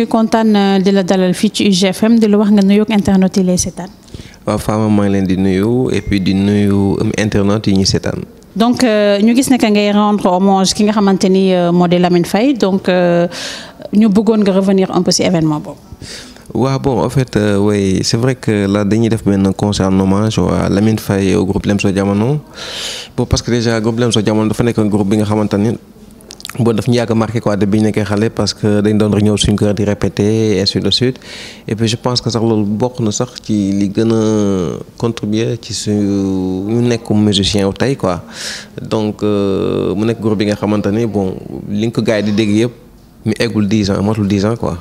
ngi kontaan euh, di la dalal fii ci UGFM di la wax nga nuyoog internet yi lay seetaan. waaw Fama maa ngi leen di nuyu et puis di nuyu um, internet yi ñu seetaan. donc euh, ñu gis ne que ngay rendre hommage ki nga xamante ni euh, moo di Lamine Faye donc ñu bëggoon nga revenir un peu ci événement boobu. waaw bon en fait euh, oui c'est vrai que là dañuy def benn concert en hommage waa Lamine Faye au groupe Lemso Jamono bon parce que déjà groupe Lemzo Diamono dafa nekk groupe bi nga xamante ni bon daf ñu yàgg marqué quoi de biñ ñu nekkee parce que dañ doon ñëw suñu cœur di répéter et ainsi de suite et puis je pense que sax lool bokk na sax ci li gëna contribuer ci suñu ñu nekk comme musicien wu tey quoi donc euh, mu nekk groupe bi nga xamante bon li nga ko gars di dégg yépp mi eggul 10 ans matul 10 ans quoi.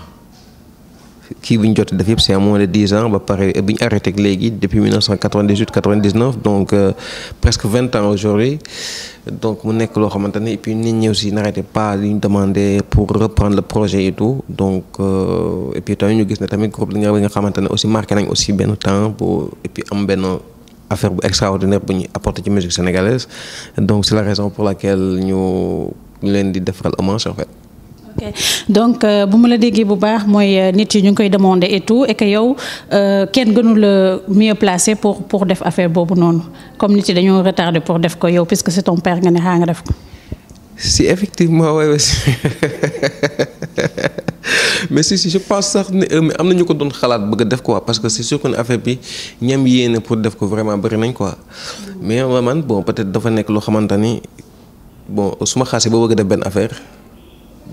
Qui vient ñu c'est à moins de 10 ans ba pareil, bi arrêté depuis 1998 99 donc euh, presque 20 ans aujourd'hui donc mu école en xamante et puis nous aussi pas de nous demander pour reprendre le projet et tout donc euh, et puis tamit ñu aussi un groupe de nga xamante aussi marqué nañ aussi benn temps pour et puis am benn affaire extraordinaire pour apporter apporté ci musique sénégalaise donc c'est la raison pour laquelle ñu de di le manche, en fait donc euh, bu ma la déggee bu baax mooy euh, nit yi ñu ngi koy demandé et tout et que yow euh, kenn gënu le mieux placé pour pour def affaire boobu noonu comme nit yi dañoo retarder pour def ko yow puisque c'est ton père nga ne xaa ah, nga def ko. si effectivement waaye mais si si je pense sax ne am na ñu ko doon xalaat bëgg a def quoi parce que c'est sûr que ne affaire bi ñam yéene pour def ko vraiment bëri nañ quoi mais man bon peut-être dafa nekk loo xamante ni bon su ma xaasee ba bëgg def benn affaire.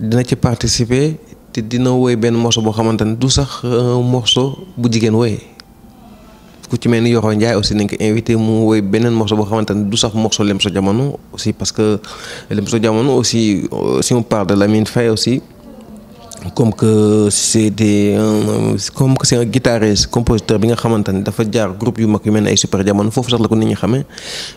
dina ci participer te dina woy benn morceau boo xamante ne du sax euh, morceau bu jigéen woy ku ci mel ni Yoro Ndiaye aussi nañ ko invité mu woy beneen morceau boo xamante ne du sax morceau Lemzo jamono aussi parce que Lemzo jamono aussi euh, si on parle de Lamine Faye aussi comme que c'était un comme que c'est un guitariste compositeur bi nga xamante ne dafa jaar groupe yu mag yu mel ay super jamono foofu sax la ko nit ñi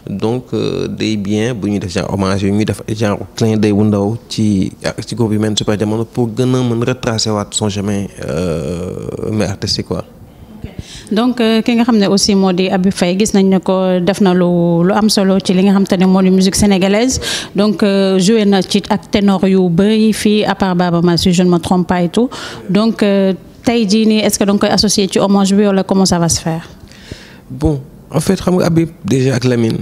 donc euh, des bien bu ñuy def genre hommage yu ñuy def genre clin d'œil bu ndaw ci ci groupe yu mel super jamono pour gën a retracer waat son chemin euh, mais artistique quoi donc euh, ki nga xamné aussi modi abou Habib Faye gis nañ ne ko def na lu lu am solo ci li nga xam te musique sénégalaise donc euh, joué na ci ak ténor yu bëri fi à part Baba Maal si je ne me trompe pas et tout donc euh, tay jii ni. est-ce que donc koy associé ci hommage bi wala comment ça va se faire. bon en fait xam nga Habib déjà ak Lamine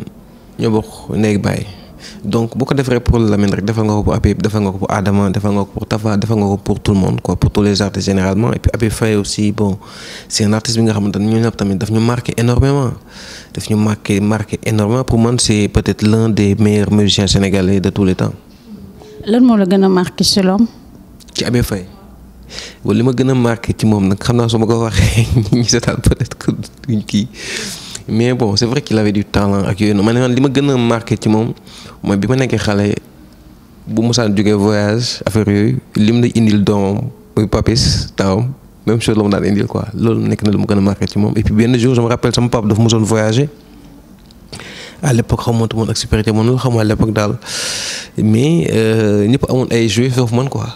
ñoo bokk néeg donc beaucoup de vrais pour Lamine rek defal nga pour Adam, nga pour Tava, defal nga pour pour tout le monde quoi pour tous les artistes généralement et puis Habib Faye aussi bon c'est un artiste qui a xamante marqué énormément daf marqué marqué énormément pour moi, c'est peut-être l'un des meilleurs musiciens sénégalais de tous les temps. Le moi la gën marque marqué ci l'homme. ci Habib Faye. Ce qui ma le a marqué ci moom nag xam naa ko waxee ñi peut-être que mais bon c'est vrai qu'il avait du talent ak yooyu noonu man li ma gën marqué ci mom mooy bima ma xalé bu mosaan jógee voyage affaire yooyu lim na indil dom muy papis taawam même chose la na indil quoi loolu nekk na lu ma gën marqué ci mom et puis benn jour je me rappelle sama papa dafa mosoon voyager à l'époque xamante moon ak supériorité moom loolu xamoo à l'époque daal mais euh, ñep amone ay joué foofu man quoi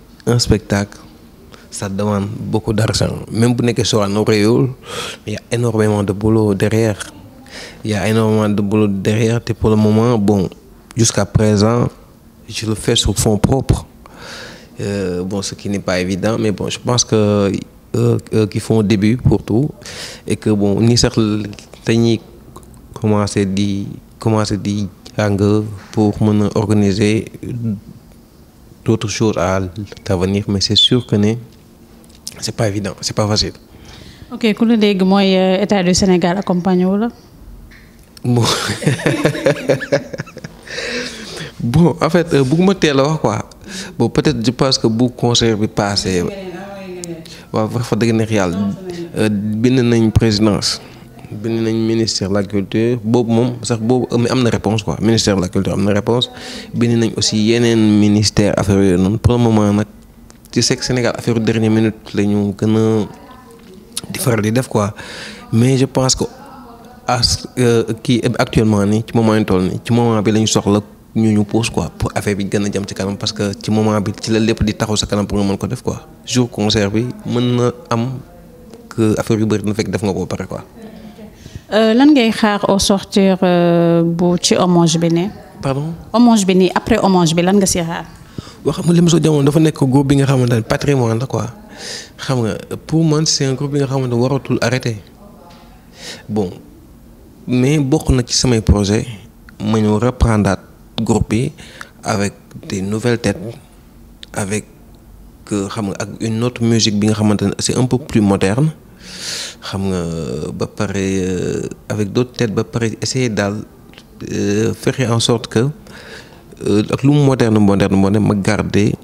un spectacle, ça demande beaucoup d'argent. Même pour que soit un auréole, il y a énormément de boulot derrière. Il y a énormément de boulot derrière. Et pour le moment, bon, jusqu'à présent, je le fais sur fond propre. Euh, bon, ce qui n'est pas évident, mais bon, je pense que euh, euh, qu'ils font au début pour tout et que bon, ni certes, commencer dit commencer dit pour organiser d'autres choses à l'avenir, mais c'est sûr que ce n'est pas évident, c'est pas facile. Ok, comment est-ce que état du Sénégal accompagne vous bon bon en fait euh, beaucoup teel a wax quoi bon peut-être je pense que beaucoup concert bi passé waaw wax fa dëgg neex euh, présidence bind nañ ministère de la culture boobu mom sax boobu amna réponse quoi ministère de la culture amna réponse bind nañ aussi yenen ministère affaire yooyu pour le moment nag ci sec Sénégal affaire dernière minute lañu gëna di faral di def quoi mais je pense que as qui euh, actuellement ni ci moment tol ni ci moment bi lañu soxla ñu ñu pose quoi pour affaire bi gëna jëm ci kanam parce que ci moment bi ci la lépp di taxaw sa kanam pour nga mën ko def quoi jour concert bi mën na am que affaire yu bari na fekk def nga ko ba quoi. Euh, lan ngay xaar au sortir euh, bu ci hommage bi ne. pardon hommage bi nii après hommage bi lan nga siy xaar. waaw xam nga Lemzo Diamono dafa nekk groupe bi nga xamante ne patrimoine la quoi xam nga pour man c'est un groupe bi nga xamante waratul arrêté bon mais bokk na ci samay projet ma ñu reprendre groupe bi avec des nouvelles têtes avec euh, xam nga ak une autre musique bi nga xamante ne c'est un peu plus moderne xam nga ba pare euh, avec d'autres têtes ba pare essayer daal euh, fexe en sorte que euh, ak lu moderne moderne moderne ma garder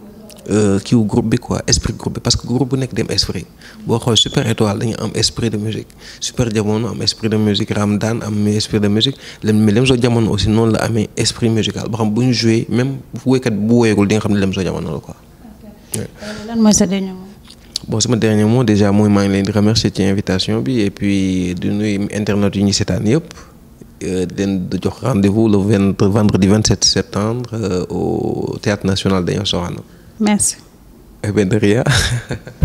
kiw groupe bi quoi esprit groupe bi parce que groupe bu nekk dem esprit boo xool super étoile dañu am esprit de musique super jamono am esprit de musique Ramdan am esprit de musique lem mais Lemzo jamono aussi noonu la amee esprit musical ba xam bu ñu joué même woykat bu woyagul di nga xam ne Lemzo jamono la quoi. lan mooy sa dernier bon c'est mon dernier mot déjà moi, je ngi de remercier cette invitation et puis de nous, internet Unis cette année, nous. den rendez-vous le vendredi 27 septembre euh, au théâtre national de Sorano merci. Eh bien, de rien.